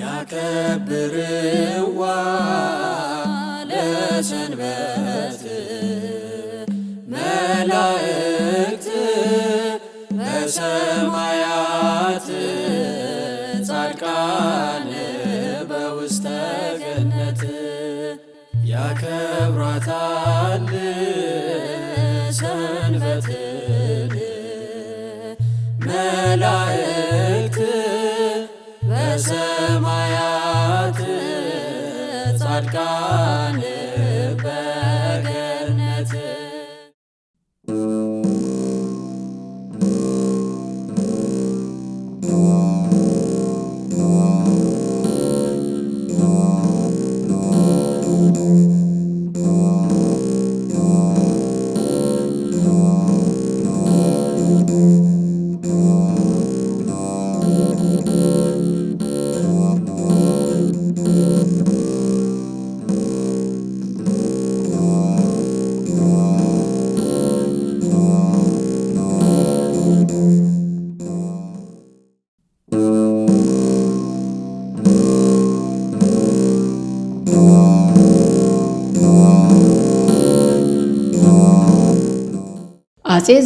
ያከብርዋ ለሰንበት መላእክት በሰማያት ጻድቃን በውስተ ገነት ያከብራታል God.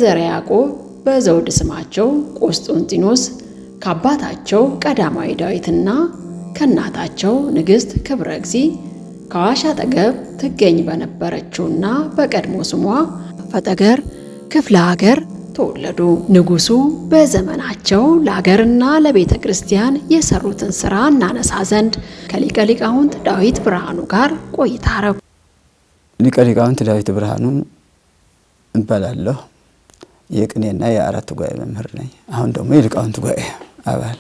ዘረ ያዕቆብ በዘውድ ስማቸው ቆስጦንጢኖስ ከአባታቸው ቀዳማዊ ዳዊትና ከእናታቸው ንግሥት ክብረ እግዚ ከአዋሽ አጠገብ ትገኝ በነበረችውና በቀድሞ ስሟ ፈጠገር ክፍለ ሀገር ተወለዱ። ንጉሡ በዘመናቸው ለአገርና ለቤተ ክርስቲያን የሰሩትን ሥራ እናነሳ ዘንድ ከሊቀ ሊቃውንት ዳዊት ብርሃኑ ጋር ቆይታ አረጉ። ሊቀ ሊቃውንት ዳዊት ብርሃኑ እባላለሁ። የቅኔና የአራት ጉባኤ መምህር ነኝ። አሁን ደግሞ የሊቃውንት ጉባኤ አባል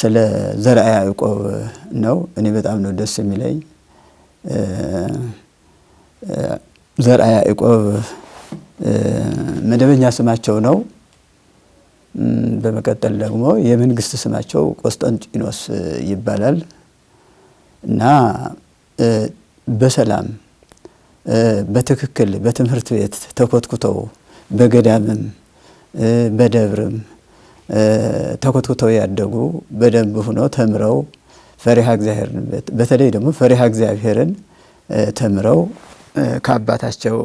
ስለ ዘርአ ያዕቆብ ነው። እኔ በጣም ነው ደስ የሚለኝ። ዘርአ ያዕቆብ መደበኛ ስማቸው ነው። በመቀጠል ደግሞ የመንግስት ስማቸው ቆስጠንጢኖስ ይባላል እና በሰላም በትክክል በትምህርት ቤት ተኮትኩተው በገዳምም በደብርም ተኮትኩተው ያደጉ በደንብ ሁነው ተምረው ፈሪሃ እግዚአብሔርን በተለይ ደግሞ ፈሪሃ እግዚአብሔርን ተምረው ከአባታቸው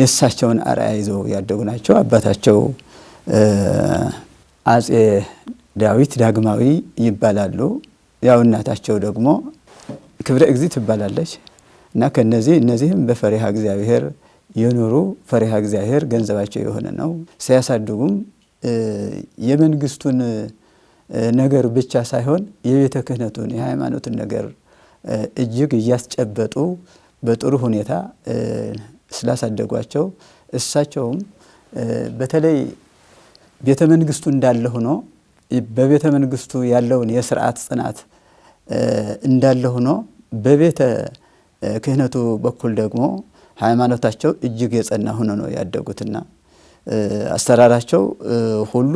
የእሳቸውን አርአያ ይዘው ያደጉ ናቸው። አባታቸው አጼ ዳዊት ዳግማዊ ይባላሉ። ያው እናታቸው ደግሞ ክብረ እግዚእ ትባላለች እና ከነዚህ እነዚህም በፈሪሃ እግዚአብሔር የኖሩ ፈሪሃ እግዚአብሔር ገንዘባቸው የሆነ ነው ሲያሳድጉም የመንግስቱን ነገር ብቻ ሳይሆን የቤተ ክህነቱን የሃይማኖትን ነገር እጅግ እያስጨበጡ በጥሩ ሁኔታ ስላሳደጓቸው እሳቸውም በተለይ ቤተ መንግስቱ እንዳለ ሆኖ በቤተ መንግስቱ ያለውን የስርዓት ጽናት እንዳለ ሆኖ በቤተ ክህነቱ በኩል ደግሞ ሃይማኖታቸው እጅግ የጸና ሆኖ ነው ያደጉትና አሰራራቸው ሁሉ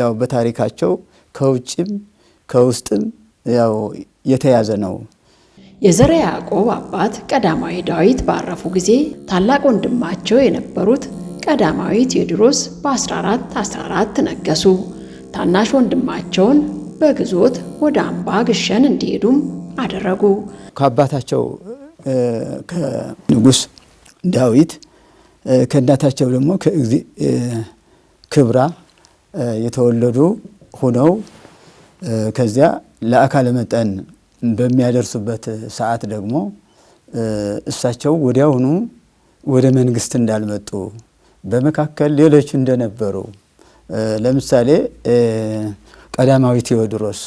ያው በታሪካቸው ከውጭም ከውስጥም ያው የተያዘ ነው። የዘረ ያዕቆብ አባት ቀዳማዊ ዳዊት ባረፉ ጊዜ ታላቅ ወንድማቸው የነበሩት ቀዳማዊ ቴዎድሮስ በ1414 ነገሱ። ታናሽ ወንድማቸውን በግዞት ወደ አምባ ግሸን እንዲሄዱም አደረጉ። ከአባታቸው ከንጉስ ዳዊት ከእናታቸው ደግሞ ክብራ የተወለዱ ሁነው ከዚያ ለአካለ መጠን በሚያደርሱበት ሰዓት ደግሞ እሳቸው ወዲያውኑ ወደ መንግስት እንዳልመጡ በመካከል ሌሎች እንደነበሩ ለምሳሌ ቀዳማዊ ቴዎድሮስ፣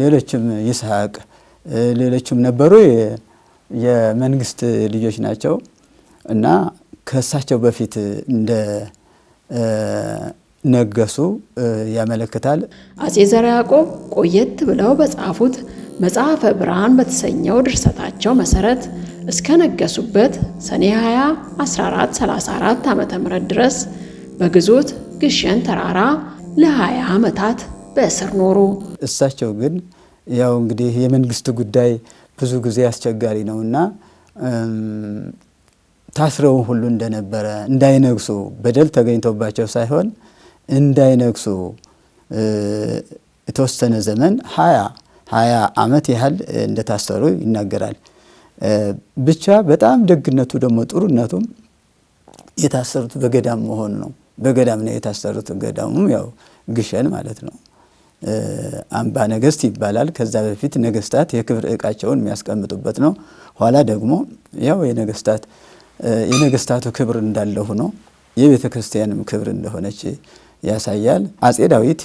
ሌሎችም ይስሐቅ፣ ሌሎችም ነበሩ የመንግስት ልጆች ናቸው እና ከእሳቸው በፊት እንደ ነገሱ ያመለክታል። አጼ ዘረ ያዕቆብ ቆየት ብለው በጻፉት መጽሐፈ ብርሃን በተሰኘው ድርሰታቸው መሰረት እስከ ነገሱበት ሰኔ 20 1434 ዓ.ም ድረስ በግዞት ግሸን ተራራ ለ20 ዓመታት በእስር ኖሩ። እሳቸው ግን ያው እንግዲህ የመንግስት ጉዳይ ብዙ ጊዜ አስቸጋሪ ነው እና። ታስረው ሁሉ እንደነበረ እንዳይነግሱ በደል ተገኝቶባቸው ሳይሆን እንዳይነግሱ የተወሰነ ዘመን ሀያ ሀያ ዓመት ያህል እንደታሰሩ ይናገራል። ብቻ በጣም ደግነቱ ደግሞ ጥሩነቱም የታሰሩት በገዳም መሆኑ ነው። በገዳም ነው የታሰሩት። ገዳሙም ያው ግሸን ማለት ነው። አምባ ነገስት ይባላል። ከዛ በፊት ነገስታት የክብር እቃቸውን የሚያስቀምጡበት ነው። ኋላ ደግሞ ያው የነገስታት የነገስታቱ ክብር እንዳለ ሆኖ የቤተ ክርስቲያንም ክብር እንደሆነች ያሳያል። አፄ ዳዊት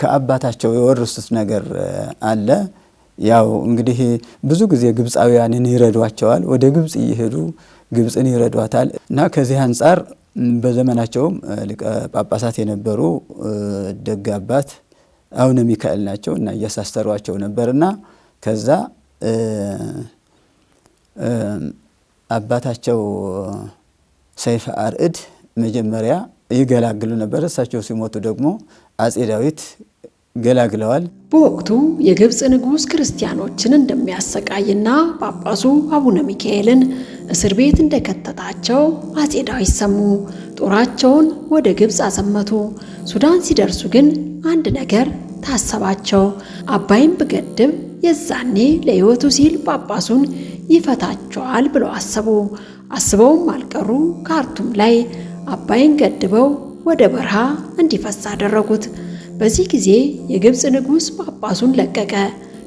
ከአባታቸው የወረሱት ነገር አለ። ያው እንግዲህ ብዙ ጊዜ ግብፃውያንን ይረዷቸዋል። ወደ ግብፅ እየሄዱ ግብፅን ይረዷታል እና ከዚህ አንጻር በዘመናቸውም ሊቀ ጳጳሳት የነበሩ ደግ አባት አቡነ ሚካኤል ናቸው እና እያሳሰሯቸው ነበርና ከዛ አባታቸው ሰይፈ አርዕድ መጀመሪያ ይገላግሉ ነበር። እሳቸው ሲሞቱ ደግሞ አጼ ዳዊት ገላግለዋል። በወቅቱ የግብፅ ንጉሥ ክርስቲያኖችን እንደሚያሰቃይና ጳጳሱ አቡነ ሚካኤልን እስር ቤት እንደከተታቸው አጼ ዳዊት ሰሙ። ጦራቸውን ወደ ግብፅ አዘመቱ። ሱዳን ሲደርሱ ግን አንድ ነገር ታሰባቸው። አባይም ብገድብ የዛኔ ለሕይወቱ ሲል ጳጳሱን ይፈታቸዋል ብለው አሰቡ። አስበውም አልቀሩ ካርቱም ላይ አባይን ገድበው ወደ በረሃ እንዲፈሳ አደረጉት። በዚህ ጊዜ የግብፅ ንጉሥ ጳጳሱን ለቀቀ፣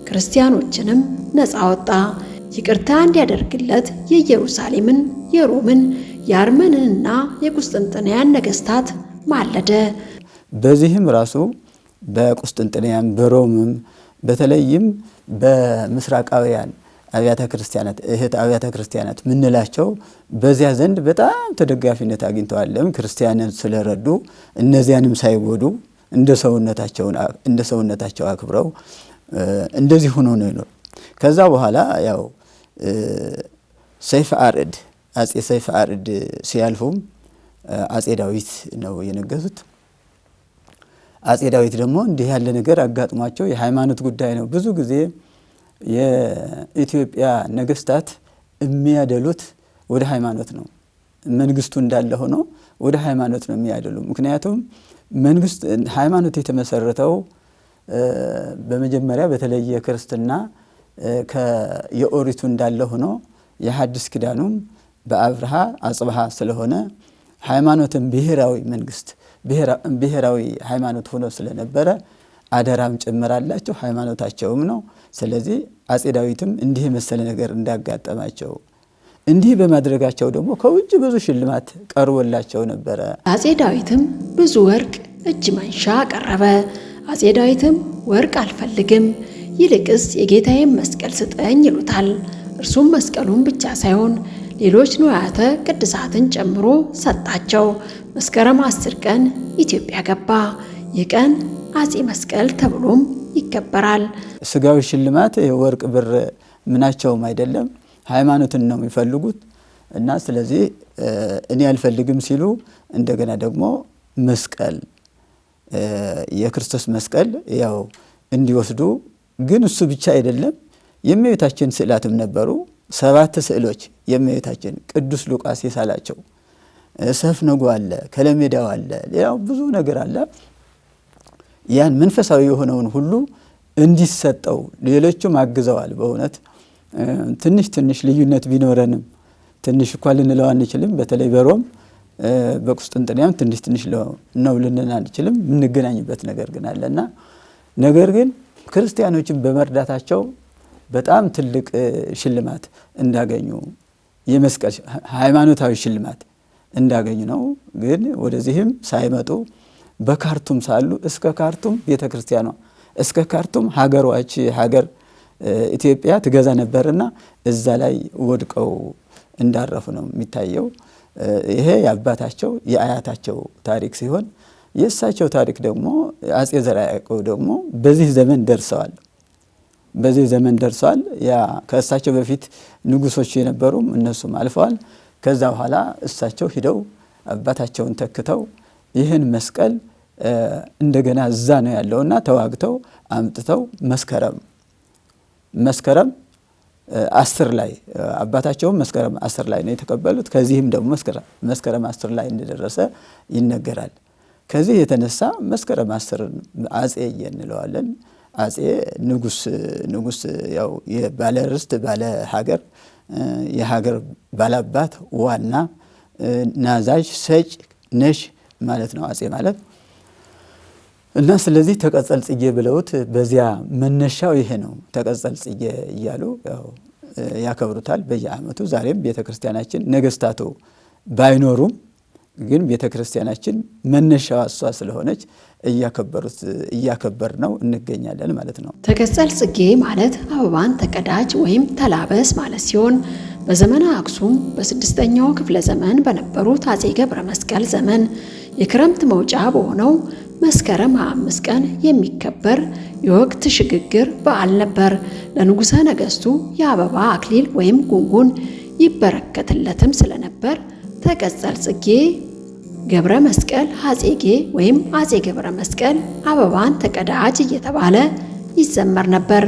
ክርስቲያኖችንም ነፃ ወጣ። ይቅርታ እንዲያደርግለት የኢየሩሳሌምን፣ የሮምን፣ የአርመንንና የቁስጥንጥንያን ነገስታት ማለደ። በዚህም ራሱ በቁስጥንጥንያም በሮምም በተለይም በምስራቃውያን አብያተ ክርስቲያናት እህት አብያተ ክርስቲያናት ምንላቸው በዚያ ዘንድ በጣም ተደጋፊነት አግኝተዋለም። ክርስቲያንን ስለረዱ እነዚያንም ሳይጎዱ እንደ ሰውነታቸው አክብረው እንደዚህ ሆኖ ነው ይኖር። ከዛ በኋላ ያው ሰይፈ አርዕድ አጼ ሰይፈ አርዕድ ሲያልፉም አጼ ዳዊት ነው የነገሱት። አጼ ዳዊት ደግሞ እንዲህ ያለ ነገር አጋጥሟቸው የሃይማኖት ጉዳይ ነው ብዙ ጊዜ የኢትዮጵያ ነገስታት የሚያደሉት ወደ ሃይማኖት ነው። መንግስቱ እንዳለ ሆኖ ወደ ሃይማኖት ነው የሚያደሉ። ምክንያቱም መንግስት ሃይማኖት የተመሰረተው በመጀመሪያ በተለየ ክርስትና የኦሪቱ እንዳለ ሆኖ የሐዲስ ኪዳኑም በአብርሃ አጽብሃ ስለሆነ ሃይማኖትን ብሔራዊ መንግስት ብሔራዊ ሃይማኖት ሆኖ ስለነበረ አደራም ጭምራላቸው ሃይማኖታቸውም ነው። ስለዚህ አጼ ዳዊትም እንዲህ የመሰለ ነገር እንዳጋጠማቸው እንዲህ በማድረጋቸው ደግሞ ከውጭ ብዙ ሽልማት ቀርቦላቸው ነበረ። አጼ ዳዊትም ብዙ ወርቅ እጅ መንሻ ቀረበ። አጼ ዳዊትም ወርቅ አልፈልግም፣ ይልቅስ የጌታዬን መስቀል ስጠኝ ይሉታል። እርሱም መስቀሉን ብቻ ሳይሆን ሌሎች ንዋያተ ቅድሳትን ጨምሮ ሰጣቸው። መስከረም አስር ቀን ኢትዮጵያ ገባ። ይህ ቀን አፄ መስቀል ተብሎም ይከበራል። ስጋዊ ሽልማት ወርቅ፣ ብር ምናቸውም አይደለም፣ ሃይማኖትን ነው የሚፈልጉት እና ስለዚህ እኔ አልፈልግም ሲሉ እንደገና ደግሞ መስቀል የክርስቶስ መስቀል ያው እንዲወስዱ ግን እሱ ብቻ አይደለም የእመቤታችን ስዕላትም ነበሩ። ሰባት ስዕሎች የእመቤታችን ቅዱስ ሉቃስ የሳላቸው ሰፍነጉ አለ፣ ከለሜዳው አለ፣ ሌላው ብዙ ነገር አለ። ያን መንፈሳዊ የሆነውን ሁሉ እንዲሰጠው ሌሎቹም አግዘዋል። በእውነት ትንሽ ትንሽ ልዩነት ቢኖረንም ትንሽ እኳ ልንለው አንችልም። በተለይ በሮም በቁስጥንጥንያም ትንሽ ትንሽ ነው ልንን አንችልም። የምንገናኝበት ነገር ግን አለና ነገር ግን ክርስቲያኖችን በመርዳታቸው በጣም ትልቅ ሽልማት እንዳገኙ የመስቀል ሃይማኖታዊ ሽልማት እንዳገኙ ነው። ግን ወደዚህም ሳይመጡ በካርቱም ሳሉ እስከ ካርቱም ቤተ ክርስቲያኗ እስከ ካርቱም ሀገሯች ሀገር ኢትዮጵያ ትገዛ ነበርና እዛ ላይ ወድቀው እንዳረፉ ነው የሚታየው። ይሄ የአባታቸው የአያታቸው ታሪክ ሲሆን የእሳቸው ታሪክ ደግሞ አጼ ዘርዓ ያዕቆብ ደግሞ በዚህ ዘመን ደርሰዋል። በዚህ ዘመን ደርሰዋል። ያ ከእሳቸው በፊት ንጉሶች የነበሩም እነሱም አልፈዋል። ከዛ በኋላ እሳቸው ሂደው አባታቸውን ተክተው ይህን መስቀል እንደገና እዛ ነው ያለው እና ተዋግተው አምጥተው መስከረም መስከረም አስር ላይ አባታቸውም መስከረም አስር ላይ ነው የተቀበሉት። ከዚህም ደግሞ መስከረም አስር ላይ እንደደረሰ ይነገራል። ከዚህ የተነሳ መስከረም አስር አጼ እንለዋለን። አጼ ንጉስ ንጉስ ያው የባለ ርስት ባለ ሀገር የሀገር ባላባት ዋና ናዛዥ ሰጭ ነሽ ማለት ነው አጼ ማለት እና ስለዚህ ተቀጸል ጽጌ ብለውት በዚያ መነሻው ይሄ ነው። ተቀጸል ጽጌ እያሉ ያከብሩታል በየዓመቱ። ዛሬም ቤተ ክርስቲያናችን ነገስታቱ ባይኖሩም ግን ቤተ ክርስቲያናችን መነሻዋ እሷ ስለሆነች እያከበሩት እያከበር ነው እንገኛለን ማለት ነው። ተቀጸል ጽጌ ማለት አበባን ተቀዳጅ ወይም ተላበስ ማለት ሲሆን በዘመነ አክሱም በስድስተኛው ክፍለ ዘመን በነበሩት አጼ ገብረ መስቀል ዘመን የክረምት መውጫ በሆነው መስከረም 25 ቀን የሚከበር የወቅት ሽግግር በዓል ነበር። ለንጉሠ ነገሥቱ የአበባ አክሊል ወይም ጉንጉን ይበረከትለትም ስለነበር ተቀጸል ጽጌ ገብረ መስቀል አጼጌ ወይም አጼ ገብረ መስቀል አበባን ተቀዳጅ እየተባለ ይዘመር ነበር።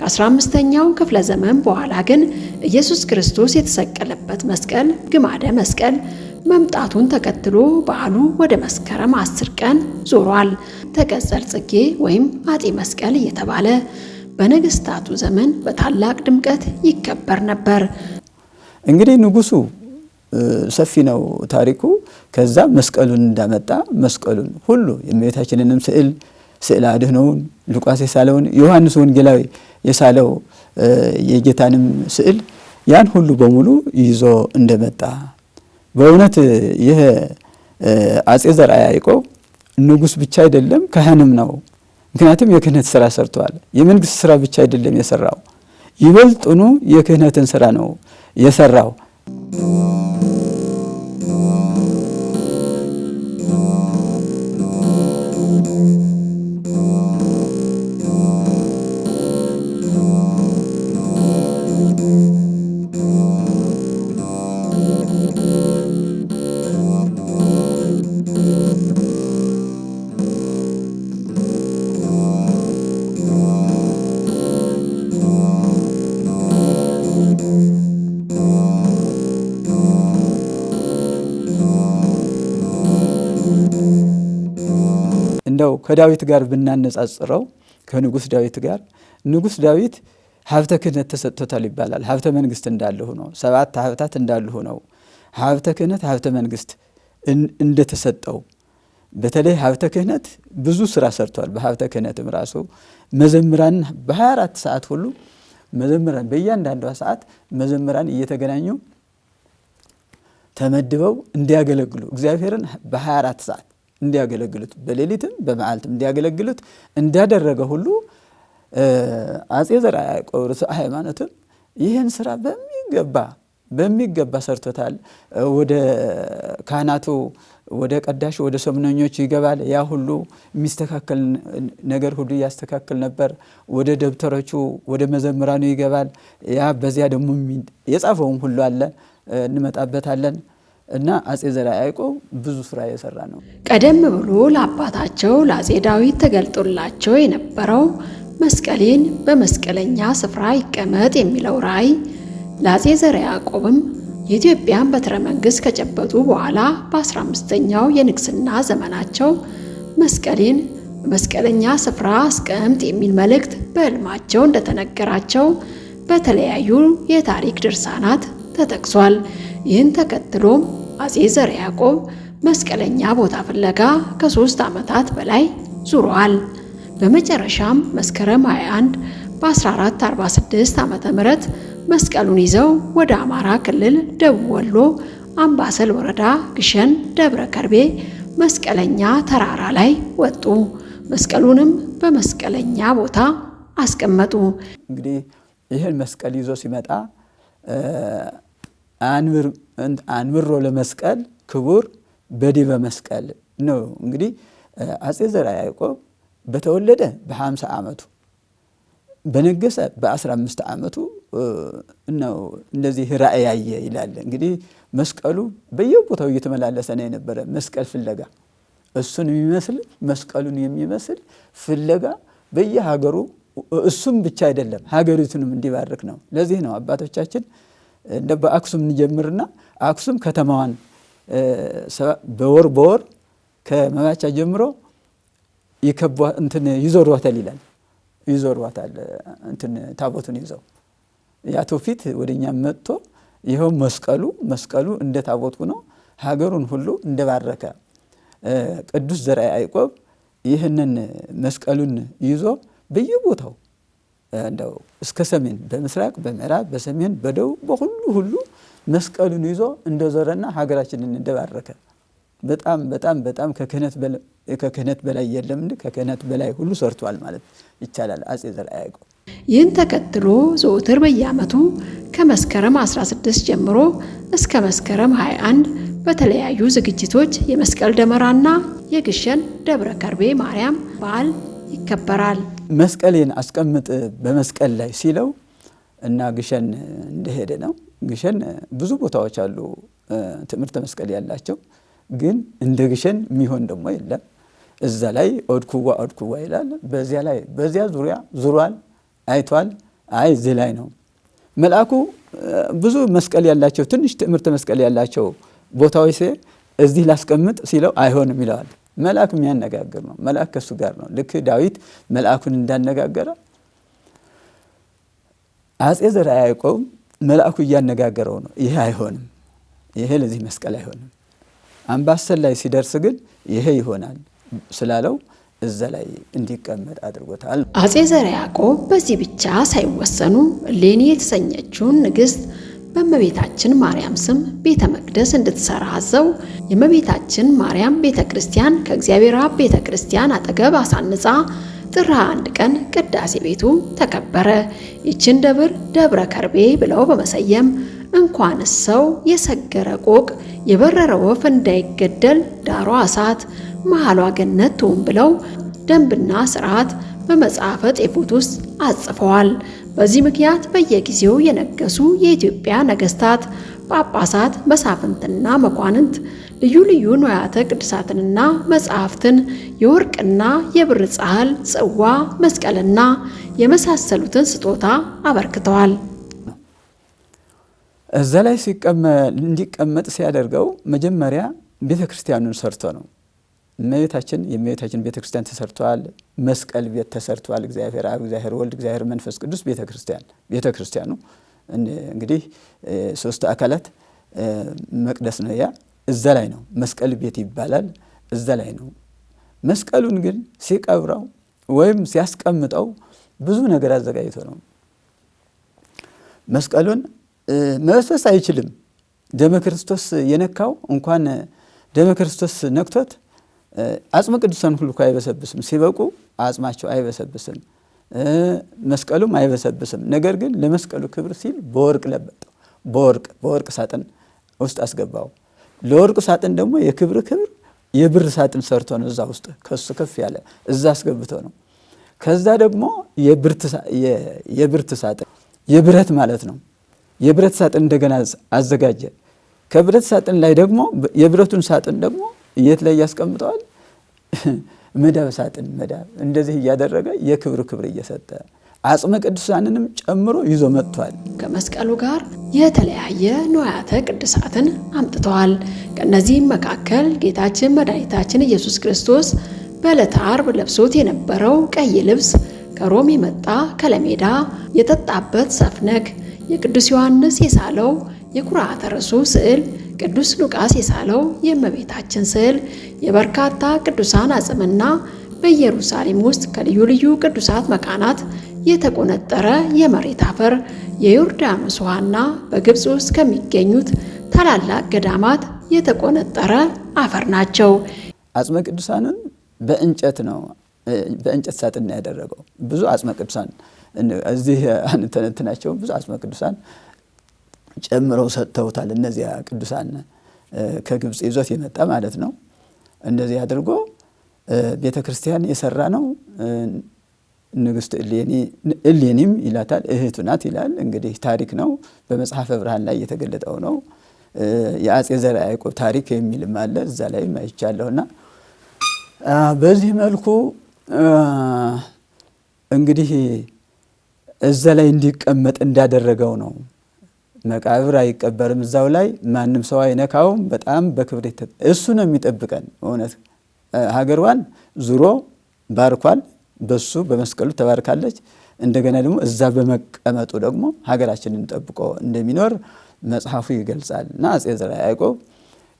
ከ15ኛው ክፍለ ዘመን በኋላ ግን ኢየሱስ ክርስቶስ የተሰቀለበት መስቀል ግማደ መስቀል መምጣቱን ተከትሎ በዓሉ ወደ መስከረም አስር ቀን ዞሯል። ተቀጸል ጽጌ ወይም አጤ መስቀል እየተባለ በነገስታቱ ዘመን በታላቅ ድምቀት ይከበር ነበር። እንግዲህ ንጉሱ ሰፊ ነው ታሪኩ። ከዛ መስቀሉን እንዳመጣ መስቀሉን ሁሉ የእመቤታችንንም ስዕል ስዕል አድህኖውን ሉቃስ የሳለውን ዮሐንስ ወንጌላዊ የሳለው የጌታንም ስዕል ያን ሁሉ በሙሉ ይዞ እንደመጣ በእውነት ይህ አጼ ዘርዓ ያዕቆብ ንጉስ ብቻ አይደለም፣ ካህንም ነው። ምክንያቱም የክህነት ስራ ሰርተዋል። የመንግስት ስራ ብቻ አይደለም የሰራው፣ ይበልጥኑ የክህነትን ስራ ነው የሰራው። እንደው ከዳዊት ጋር ብናነጻጽረው ከንጉስ ዳዊት ጋር ንጉስ ዳዊት ሀብተ ክህነት ተሰጥቶታል ይባላል። ሀብተ መንግስት እንዳለ ሆኖ ሰባት ሀብታት እንዳሉ ሆነው ሀብተ ክህነት ሀብተ መንግስት እንደተሰጠው በተለይ ሀብተ ክህነት ብዙ ስራ ሰርቷል። በሀብተ ክህነትም ራሱ መዘምራን በ24 ሰዓት ሁሉ መዘምራን በእያንዳንዷ ሰዓት መዘምራን እየተገናኙ ተመድበው እንዲያገለግሉ እግዚአብሔርን በ24 ሰዓት እንዲያገለግሉት በሌሊትም በመዓልትም እንዲያገለግሉት እንዳደረገ ሁሉ አጼ ዘርዓ ያዕቆብ ሃይማኖትም ይህን ስራ በሚገባ በሚገባ ሰርቶታል። ወደ ካህናቱ፣ ወደ ቀዳሽ፣ ወደ ሰሙነኞች ይገባል። ያ ሁሉ የሚስተካከል ነገር ሁሉ እያስተካከል ነበር። ወደ ደብተሮቹ፣ ወደ መዘምራኑ ይገባል። ያ በዚያ ደግሞ የጻፈውም ሁሉ አለ፣ እንመጣበታለን። እና አጼ ዘርዓ ያዕቆብ ብዙ ስራ የሰራ ነው። ቀደም ብሎ ለአባታቸው ለአጼ ዳዊት ተገልጦላቸው የነበረው መስቀሌን በመስቀለኛ ስፍራ ይቀመጥ የሚለው ራእይ ለአጼ ዘርዓ ያዕቆብም የኢትዮጵያን በትረ መንግስት ከጨበጡ በኋላ በ15ኛው የንግስና ዘመናቸው መስቀሌን በመስቀለኛ ስፍራ አስቀምጥ የሚል መልእክት በዕልማቸው እንደተነገራቸው በተለያዩ የታሪክ ድርሳናት ተጠቅሷል። ይህን ተከትሎም አጼ ዘር ያዕቆብ መስቀለኛ ቦታ ፍለጋ ከሶስት ዓመታት በላይ ዙሯል። በመጨረሻም መስከረም 21 በ1446 ዓ ም መስቀሉን ይዘው ወደ አማራ ክልል ደቡብ ወሎ አምባሰል ወረዳ ግሸን ደብረ ከርቤ መስቀለኛ ተራራ ላይ ወጡ። መስቀሉንም በመስቀለኛ ቦታ አስቀመጡ። እንግዲህ ይህን መስቀል ይዞ ሲመጣ አንብሮ ለመስቀል ክቡር በዲበ መስቀል ነው። እንግዲህ አጼ ዘርዓ ያዕቆብ በተወለደ በ50 ዓመቱ በነገሰ በ15 ዓመቱ ነው እንደዚህ ራእይ ያየ ይላል። እንግዲህ መስቀሉ በየቦታው እየተመላለሰ ነው የነበረ መስቀል ፍለጋ እሱን የሚመስል መስቀሉን የሚመስል ፍለጋ በየሀገሩ እሱም ብቻ አይደለም ሀገሪቱንም እንዲባርክ ነው። ለዚህ ነው አባቶቻችን እንደ በአክሱም እንጀምርና አክሱም ከተማዋን በወር በወር ከመባቻ ጀምሮ ይዞሯታል ይላል። ይዞሯታል እንትን ታቦቱን ይዘው ያ ፊት ወደኛም መጥቶ ይኸው መስቀሉ መስቀሉ እንደ ታቦቱ ነው። ሀገሩን ሁሉ እንደባረከ ቅዱስ ዘርዓ ያዕቆብ ይህንን መስቀሉን ይዞ በየቦታው እንደው እስከ ሰሜን በምስራቅ በምዕራብ በሰሜን በደቡብ በሁሉ ሁሉ መስቀሉን ይዞ እንደዞረና ሀገራችንን እንደባረከ በጣም በጣም በጣም ከክህነት በላይ የለም እንደ ከክህነት በላይ ሁሉ ሰርቷል ማለት ይቻላል አጼ ዘርዓ ያዕቆብ። ይህን ተከትሎ ዘውትር በየዓመቱ ከመስከረም 16 ጀምሮ እስከ መስከረም 21 በተለያዩ ዝግጅቶች የመስቀል ደመራና የግሸን ደብረ ከርቤ ማርያም በዓል ይከበራል። መስቀሌን አስቀምጥ በመስቀል ላይ ሲለው እና ግሸን እንደሄደ ነው። ግሸን ብዙ ቦታዎች አሉ ትምህርተ መስቀል ያላቸው፣ ግን እንደ ግሸን የሚሆን ደግሞ የለም። እዛ ላይ ኦድኩዋ ኦድኩዋ ይላል። በዚያ ላይ በዚያ ዙሪያ ዙሯል፣ አይቷል። አይ እዚህ ላይ ነው መልአኩ ብዙ መስቀል ያላቸው ትንሽ ትምህርተ መስቀል ያላቸው ቦታዎች እዚህ ላስቀምጥ ሲለው አይሆንም ይለዋል። መልአክ የሚያነጋግር ነው። መልአክ ከእሱ ጋር ነው። ልክ ዳዊት መልአኩን እንዳነጋገረ አጼ ዘርዓ ያዕቆብ መልአኩ እያነጋገረው ነው። ይሄ አይሆንም፣ ይሄ ለዚህ መስቀል አይሆንም። አምባሰል ላይ ሲደርስ ግን ይሄ ይሆናል ስላለው እዛ ላይ እንዲቀመጥ አድርጎታል። አጼ ዘርዓ ያዕቆብ በዚህ ብቻ ሳይወሰኑ ሌኒ የተሰኘችውን ንግሥት በእመቤታችን ማርያም ስም ቤተ መቅደስ እንድትሰራ አዘው የእመቤታችን ማርያም ቤተ ክርስቲያን ከእግዚአብሔር አብ ቤተ ክርስቲያን አጠገብ አሳንጻ ጥር አንድ ቀን ቅዳሴ ቤቱ ተከበረ። ይችን ደብር ደብረ ከርቤ ብለው በመሰየም እንኳንስ ሰው የሰገረ ቆቅ የበረረ ወፍ እንዳይገደል ዳሯ እሳት መሃሏ ገነት ትሁን ብለው ደንብና ስርዓት በመጽሐፈ ጤፉት ውስጥ አጽፈዋል። በዚህ ምክንያት በየጊዜው የነገሱ የኢትዮጵያ ነገስታት፣ ጳጳሳት፣ መሳፍንትና መኳንንት ልዩ ልዩ ንዋያተ ቅድሳትንና መጽሐፍትን የወርቅና የብር ጻሕል፣ ጽዋ፣ መስቀልና የመሳሰሉትን ስጦታ አበርክተዋል። እዛ ላይ እንዲቀመጥ ሲያደርገው መጀመሪያ ቤተ ክርስቲያኑን ሰርቶ ነው። እመቤታችን የእመቤታችን ቤተ ክርስቲያን ተሰርተዋል። መስቀል ቤት ተሰርተዋል። እግዚአብሔር አብ፣ እግዚአብሔር ወልድ፣ እግዚአብሔር መንፈስ ቅዱስ ቤተ ክርስቲያን ቤተ ክርስቲያኑ እንግዲህ ሶስት አካላት መቅደስ ነው። ያ እዛ ላይ ነው መስቀል ቤት ይባላል። እዛ ላይ ነው መስቀሉን ግን ሲቀብረው ወይም ሲያስቀምጠው ብዙ ነገር አዘጋጅቶ ነው። መስቀሉን መበስበስ አይችልም። ደመ ክርስቶስ የነካው እንኳን ደመ ክርስቶስ ነክቶት አጽመ ቅዱሳን ሁሉ አይበሰብስም፣ ሲበቁ አጽማቸው አይበሰብስም፣ መስቀሉም አይበሰብስም። ነገር ግን ለመስቀሉ ክብር ሲል በወርቅ ለበጠው፣ በወርቅ በወርቅ ሳጥን ውስጥ አስገባው። ለወርቅ ሳጥን ደግሞ የክብር ክብር የብር ሳጥን ሰርቶ ነው እዛ ውስጥ ከሱ ከፍ ያለ እዛ አስገብቶ ነው። ከዛ ደግሞ የብርት ሳጥን የብረት ማለት ነው። የብረት ሳጥን እንደገና አዘጋጀ። ከብረት ሳጥን ላይ ደግሞ የብረቱን ሳጥን ደግሞ የት ላይ ያስቀምጠዋል? መዳብ ሳጥን መዳብ እንደዚህ እያደረገ የክብር ክብር እየሰጠ አጽመ ቅዱሳንንም ጨምሮ ይዞ መጥቷል። ከመስቀሉ ጋር የተለያየ ንዋያተ ቅዱሳትን አምጥተዋል። ከእነዚህም መካከል ጌታችን መድኃኒታችን ኢየሱስ ክርስቶስ በዕለተ ዓርብ ለብሶት የነበረው ቀይ ልብስ ከሮም የመጣ ከለሜዳ የጠጣበት ሰፍነግ፣ የቅዱስ ዮሐንስ የሳለው የኩራተ ርሱ ስዕል ቅዱስ ሉቃስ የሳለው የእመቤታችን ስዕል የበርካታ ቅዱሳን አጽምና በኢየሩሳሌም ውስጥ ከልዩ ልዩ ቅዱሳት መካናት የተቆነጠረ የመሬት አፈር የዮርዳኖስ ውሃና በግብፅ ውስጥ ከሚገኙት ታላላቅ ገዳማት የተቆነጠረ አፈር ናቸው። አጽመ ቅዱሳንን በእንጨት ነው በእንጨት ሳጥን ያደረገው። ብዙ አጽመ ቅዱሳን እዚህ አንተነትናቸው ብዙ አጽመ ቅዱሳን ጨምረው ሰጥተውታል። እነዚያ ቅዱሳን ከግብፅ ይዞት የመጣ ማለት ነው። እንደዚህ አድርጎ ቤተ ክርስቲያን የሰራ ነው። ንግሥት እሌኒም ይላታል፣ እህቱ ናት ይላል። እንግዲህ ታሪክ ነው፣ በመጽሐፈ ብርሃን ላይ የተገለጠው ነው። የአጼ ዘርዓ ያዕቆብ ታሪክ የሚልም አለ፣ እዛ ላይ አይቻለሁና በዚህ መልኩ እንግዲህ እዛ ላይ እንዲቀመጥ እንዳደረገው ነው። መቃብር አይቀበርም። እዛው ላይ ማንም ሰው አይነካውም። በጣም በክብር እሱ ነው የሚጠብቀን። እውነት ሀገሯን ዙሮ ባርኳል። በሱ በመስቀሉ ተባርካለች። እንደገና ደግሞ እዛ በመቀመጡ ደግሞ ሀገራችንን ጠብቆ እንደሚኖር መጽሐፉ ይገልጻል። እና አጼ ዘርዓ ያዕቆብ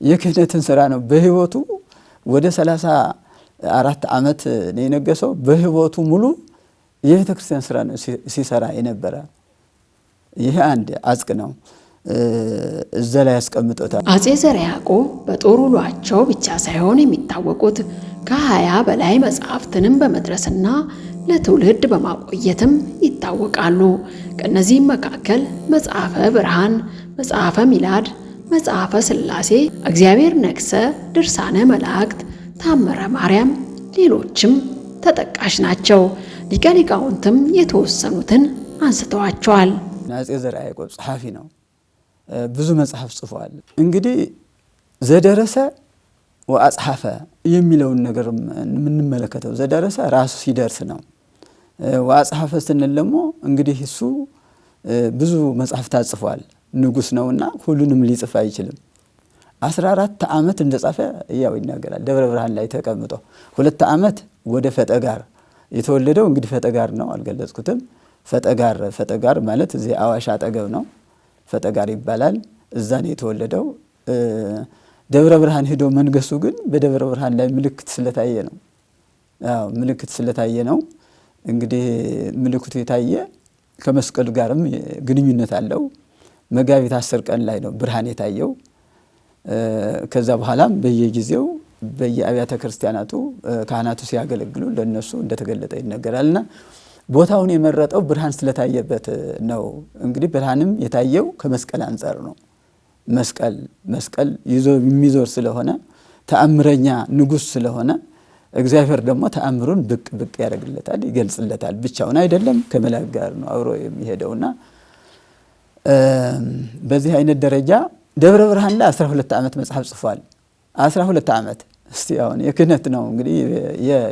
የክህነትን ስራ ነው በህይወቱ ወደ ሰላሳ አራት ዓመት ነው የነገሰው። በህይወቱ ሙሉ የቤተክርስቲያን ስራ ነው ሲሰራ የነበረ ይህ አንድ አጽቅ ነው። እዛ ላይ ያስቀምጦታል። አጼ ዘርዓ ያዕቆብ በጦር ውሏቸው ብቻ ሳይሆን የሚታወቁት ከሀያ በላይ መጽሐፍትንም በመድረስና ለትውልድ በማቆየትም ይታወቃሉ። ከእነዚህም መካከል መጽሐፈ ብርሃን፣ መጽሐፈ ሚላድ፣ መጽሐፈ ስላሴ እግዚአብሔር ነግሰ፣ ድርሳነ መላእክት፣ ታምረ ማርያም፣ ሌሎችም ተጠቃሽ ናቸው። ሊቀ ሊቃውንትም የተወሰኑትን አንስተዋቸዋል። አጼ ዘርዓ ያዕቆብ ጸሐፊ ነው። ብዙ መጽሐፍ ጽፏል። እንግዲህ ዘደረሰ ወአጽሐፈ የሚለውን ነገር የምንመለከተው ዘደረሰ ራሱ ሲደርስ ነው። ወአጽሐፈ ስንል ደግሞ እንግዲህ እሱ ብዙ መጽሐፍት ጽፏል። ንጉሥ ነውና ሁሉንም ሊጽፍ አይችልም። አስራ አራት ዓመት እንደጻፈ ያው ይናገራል። ደብረ ብርሃን ላይ ተቀምጦ ሁለት ዓመት ወደ ፈጠ ጋር የተወለደው እንግዲህ ፈጠ ጋር ነው አልገለጽኩትም። ፈጠጋር ፈጠጋር ማለት እዚህ አዋሽ አጠገብ ነው። ፈጠጋር ይባላል። እዛ ነው የተወለደው። ደብረ ብርሃን ሄዶ መንገሱ ግን በደብረ ብርሃን ላይ ምልክት ስለታየ ነው። አዎ ምልክት ስለታየ ነው። እንግዲህ ምልክቱ የታየ ከመስቀሉ ጋርም ግንኙነት አለው። መጋቢት አስር ቀን ላይ ነው ብርሃን የታየው። ከዛ በኋላም በየጊዜው በየአብያተ ክርስቲያናቱ ካህናቱ ሲያገለግሉ ለእነሱ እንደተገለጠ ይነገራልና ቦታውን የመረጠው ብርሃን ስለታየበት ነው። እንግዲህ ብርሃንም የታየው ከመስቀል አንጻር ነው። መስቀል መስቀል ይዞ የሚዞር ስለሆነ ተአምረኛ ንጉሥ ስለሆነ እግዚአብሔር ደግሞ ተአምሩን ብቅ ብቅ ያደርግለታል፣ ይገልጽለታል። ብቻውን አይደለም ከመላክ ጋር ነው አብሮ የሚሄደውና በዚህ አይነት ደረጃ ደብረ ብርሃን ላይ 12 ዓመት መጽሐፍ ጽፏል። 12 ዓመት እስቲ አሁን የክህነት ነው እንግዲህ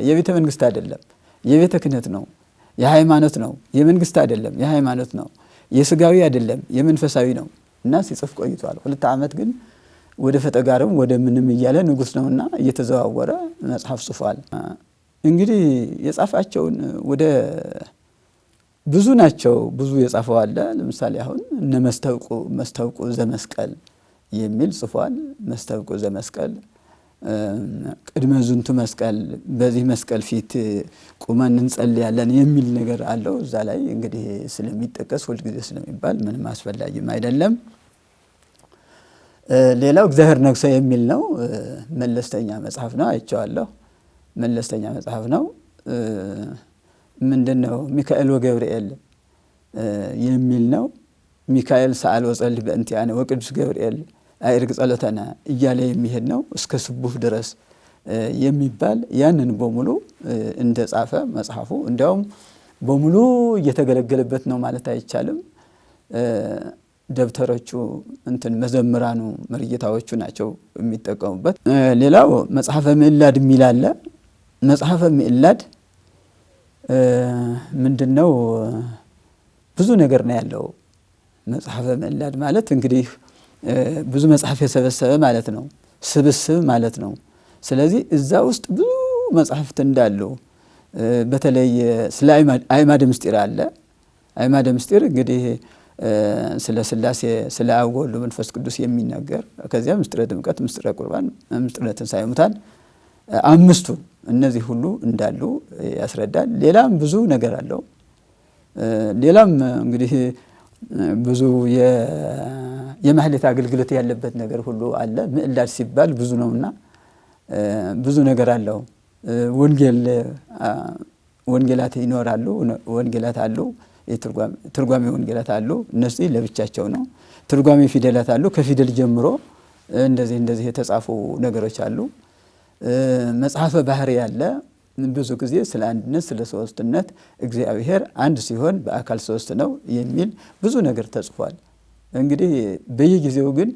የቤተ መንግስት አይደለም የቤተ ክህነት ነው። የሃይማኖት ነው፣ የመንግስት አይደለም። የሃይማኖት ነው፣ የስጋዊ አይደለም፣ የመንፈሳዊ ነው እና ሲጽፍ ቆይቷል። ሁለት ዓመት ግን ወደ ፈጠጋርም ወደ ምንም እያለ ንጉስ ነውና እየተዘዋወረ መጽሐፍ ጽፏል። እንግዲህ የጻፋቸውን ወደ ብዙ ናቸው። ብዙ የጻፈው አለ። ለምሳሌ አሁን እነ መስተውቁ መስተውቁ ዘመስቀል የሚል ጽፏል። መስተውቁ ዘመስቀል ቅድመ ዝንቱ መስቀል በዚህ መስቀል ፊት ቁመን እንጸልያለን የሚል ነገር አለው። እዛ ላይ እንግዲህ ስለሚጠቀስ ሁልጊዜ ስለሚባል ምንም አስፈላጊም አይደለም። ሌላው እግዚአብሔር ነግሶ የሚል ነው። መለስተኛ መጽሐፍ ነው፣ አይቼዋለሁ። መለስተኛ መጽሐፍ ነው። ምንድን ነው? ሚካኤል ወገብርኤል የሚል ነው። ሚካኤል ሰአል ወጸልህ በእንቲአነ ወቅዱስ ገብርኤል አይርግ ጸሎተነ እያለ የሚሄድ ነው እስከ ስቡህ ድረስ የሚባል ያንን በሙሉ እንደጻፈ መጽሐፉ እንዲያውም በሙሉ እየተገለገለበት ነው ማለት አይቻልም። ደብተሮቹ እንትን መዘምራኑ መርጌታዎቹ ናቸው የሚጠቀሙበት። ሌላው መጽሐፈ ምዕላድ የሚል አለ። መጽሐፈ ምዕላድ ምንድን ነው? ብዙ ነገር ነው ያለው መጽሐፈ ምዕላድ ማለት እንግዲህ ብዙ መጽሐፍ የሰበሰበ ማለት ነው፣ ስብስብ ማለት ነው። ስለዚህ እዛ ውስጥ ብዙ መጽሐፍት እንዳለው በተለይ ስለ አይማደ ምስጢር አለ። አይማደ ምስጢር እንግዲህ ስለ ስላሴ ስለ አብ መንፈስ ቅዱስ የሚነገር ከዚያ ምስጢረ ድምቀት፣ ምስጢረ ቁርባን፣ ምስጢረ ትንሣኤ ሙታን አምስቱ እነዚህ ሁሉ እንዳሉ ያስረዳል። ሌላም ብዙ ነገር አለው። ሌላም እንግዲህ ብዙ የማህሌት አገልግሎት ያለበት ነገር ሁሉ አለ። ምዕላድ ሲባል ብዙ ነውና ብዙ ነገር አለው። ወንጌል ወንጌላት ይኖራሉ። ወንጌላት አሉ። ትርጓሜ ወንጌላት አሉ። እነሱ ለብቻቸው ነው። ትርጓሜ ፊደላት አሉ። ከፊደል ጀምሮ እንደዚህ እንደዚህ የተጻፉ ነገሮች አሉ። መጽሐፈ ባህሪ ያለ ብዙ ጊዜ ስለ አንድነት ስለ ሶስትነት እግዚአብሔር አንድ ሲሆን በአካል ሶስት ነው የሚል ብዙ ነገር ተጽፏል። እንግዲህ በየጊዜው ግን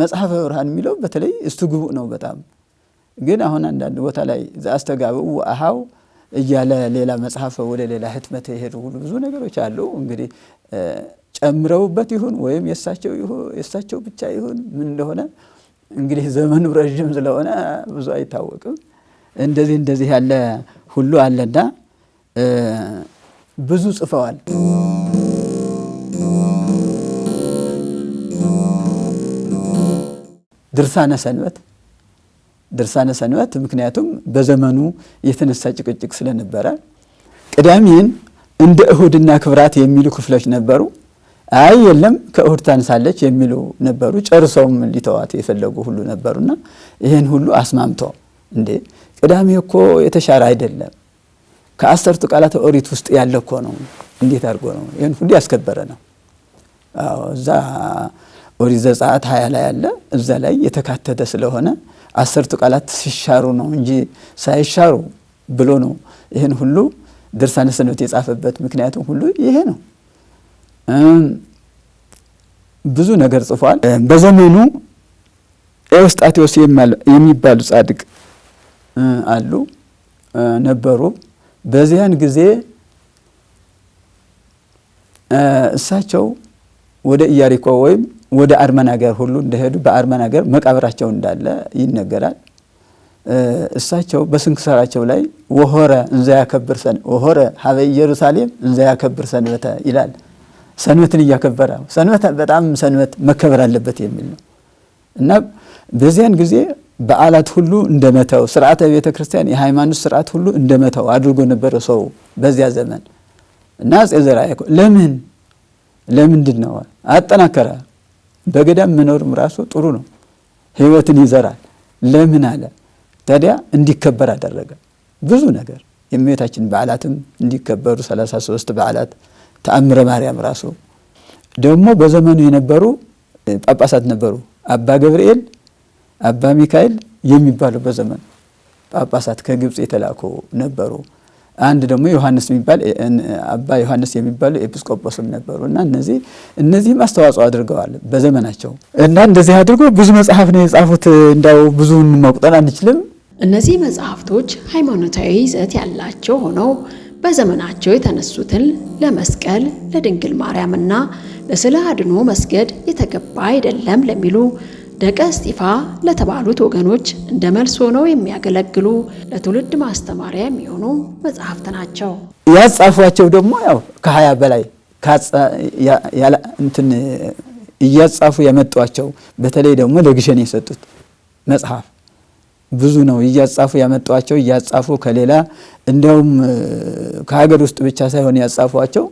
መጽሐፈ ብርሃን የሚለው በተለይ እስቱ ግቡእ ነው። በጣም ግን አሁን አንዳንድ ቦታ ላይ ዘአስተጋብኡ ወአኀው እያለ ሌላ መጽሐፈ ወደ ሌላ ህትመት የሄዱ ሁሉ ብዙ ነገሮች አሉ። እንግዲህ ጨምረውበት ይሁን ወይም የእሳቸው የሳቸው ብቻ ይሁን ምን እንደሆነ እንግዲህ ዘመኑ ረዥም ስለሆነ ብዙ አይታወቅም። እንደዚህ እንደዚህ ያለ ሁሉ አለና ብዙ ጽፈዋል። ድርሳነ ሰንበት ድርሳነ ሰንበት ምክንያቱም በዘመኑ የተነሳ ጭቅጭቅ ስለነበረ ቅዳሜን እንደ እሁድና ክብራት የሚሉ ክፍሎች ነበሩ። አይ የለም ከእሁድ ታንሳለች የሚሉ ነበሩ። ጨርሰውም ሊተዋት የፈለጉ ሁሉ ነበሩና ይህን ሁሉ አስማምቶ እንዴ ቅዳሜ እኮ የተሻረ አይደለም፣ ከአሰርቱ ቃላት ኦሪት ውስጥ ያለ እኮ ነው። እንዴት አድርጎ ነው ይህን ሁሉ ያስከበረ ነው እዛ ኦሪት ዘጸአት ሀያ ላይ አለ እዛ ላይ የተካተተ ስለሆነ አስርቱ ቃላት ሲሻሩ ነው እንጂ ሳይሻሩ ብሎ ነው ይህን ሁሉ ድርሳነ ሰንበት የጻፈበት ምክንያቱም ሁሉ ይሄ ነው። ብዙ ነገር ጽፏል። በዘመኑ ኤዎስጣቴዎስ የሚባሉ ጻድቅ አሉ ነበሩ። በዚያን ጊዜ እሳቸው ወደ ኢያሪኮ ወይም ወደ አርመን ሀገር ሁሉ እንደሄዱ በአርመን ሀገር መቃብራቸው እንዳለ ይነገራል። እሳቸው በስንክሳራቸው ላይ ወሆረ እንዘ ያከብር ሰን ወሆረ ሀበ ኢየሩሳሌም እንዘ ያከብር ሰንበተ ይላል። ሰንበትን እያከበረ ሰንበት በጣም ሰንበት መከበር አለበት የሚል ነው እና በዚያን ጊዜ በዓላት ሁሉ እንደመተው ስርዓተ ቤተ ክርስቲያን የሃይማኖት ስርዓት ሁሉ እንደመተው አድርጎ ነበረ ሰው በዚያ ዘመን እና አፄ ዘርዓ ያዕቆብ ለምን ለምንድን ነው አጠናከረ በገዳም መኖርም ራሱ ጥሩ ነው፣ ህይወትን ይዘራል። ለምን አለ ታዲያ እንዲከበር አደረገ። ብዙ ነገር የእመቤታችን በዓላትም እንዲከበሩ 33 በዓላት ተአምረ ማርያም ራሱ ደግሞ በዘመኑ የነበሩ ጳጳሳት ነበሩ። አባ ገብርኤል፣ አባ ሚካኤል የሚባሉ በዘመኑ ጳጳሳት ከግብፅ የተላኩ ነበሩ። አንድ ደግሞ ዮሐንስ የሚባል አባ ዮሐንስ የሚባሉ ኤጲስቆጶስም ነበሩ እና እነዚህ እነዚህም አስተዋጽኦ አድርገዋል በዘመናቸው እና እንደዚህ አድርጎ ብዙ መጽሐፍ ነው የጻፉት። እንዳው ብዙን መቁጠር አንችልም። እነዚህ መጽሐፍቶች ሃይማኖታዊ ይዘት ያላቸው ሆነው በዘመናቸው የተነሱትን ለመስቀል ለድንግል ማርያምና ለስለ አድኖ መስገድ የተገባ አይደለም ለሚሉ ደቀ እስጢፋ ለተባሉት ወገኖች እንደ መልስ ሆነው የሚያገለግሉ ለትውልድ ማስተማሪያ የሚሆኑ መጽሐፍት ናቸው። ያጻፏቸው ደግሞ ያው ከሀያ በላይ እንትን እያጻፉ ያመጧቸው በተለይ ደግሞ ለግሸን የሰጡት መጽሐፍ ብዙ ነው። እያጻፉ ያመጧቸው እያጻፉ ከሌላ እንዲያውም ከሀገር ውስጥ ብቻ ሳይሆን ያጻፏቸው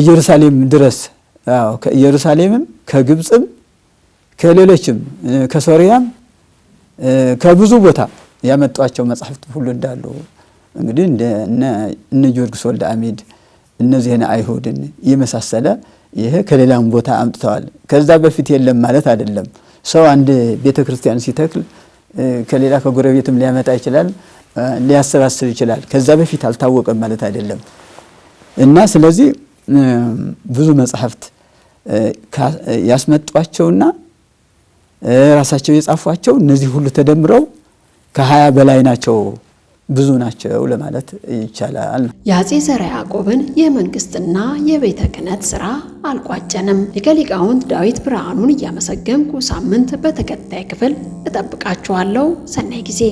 ኢየሩሳሌም ድረስ ከኢየሩሳሌምም ከግብፅም ከሌሎችም ከሶሪያም ከብዙ ቦታ ያመጧቸው መጽሐፍት ሁሉ እንዳሉ እንግዲህ እነ ጊዮርጊስ ወልደ አሚድ እነዚህን አይሁድን የመሳሰለ ይሄ ከሌላም ቦታ አምጥተዋል። ከዛ በፊት የለም ማለት አይደለም። ሰው አንድ ቤተ ክርስቲያን ሲተክል ከሌላ ከጎረቤትም ሊያመጣ ይችላል፣ ሊያሰባስብ ይችላል። ከዛ በፊት አልታወቀም ማለት አይደለም እና ስለዚህ ብዙ መጽሐፍት ያስመጧቸውና ራሳቸው የጻፏቸው እነዚህ ሁሉ ተደምረው ከሀያ በላይ ናቸው። ብዙ ናቸው ለማለት ይቻላል። የአጼ ዘርዓ ያዕቆብን የመንግስትና የቤተ ክህነት ስራ አልቋጨንም። ሊቀ ሊቃውንት ዳዊት ብርሃኑን እያመሰገንኩ ሳምንት በተከታይ ክፍል እጠብቃችኋለሁ። ሰናይ ጊዜ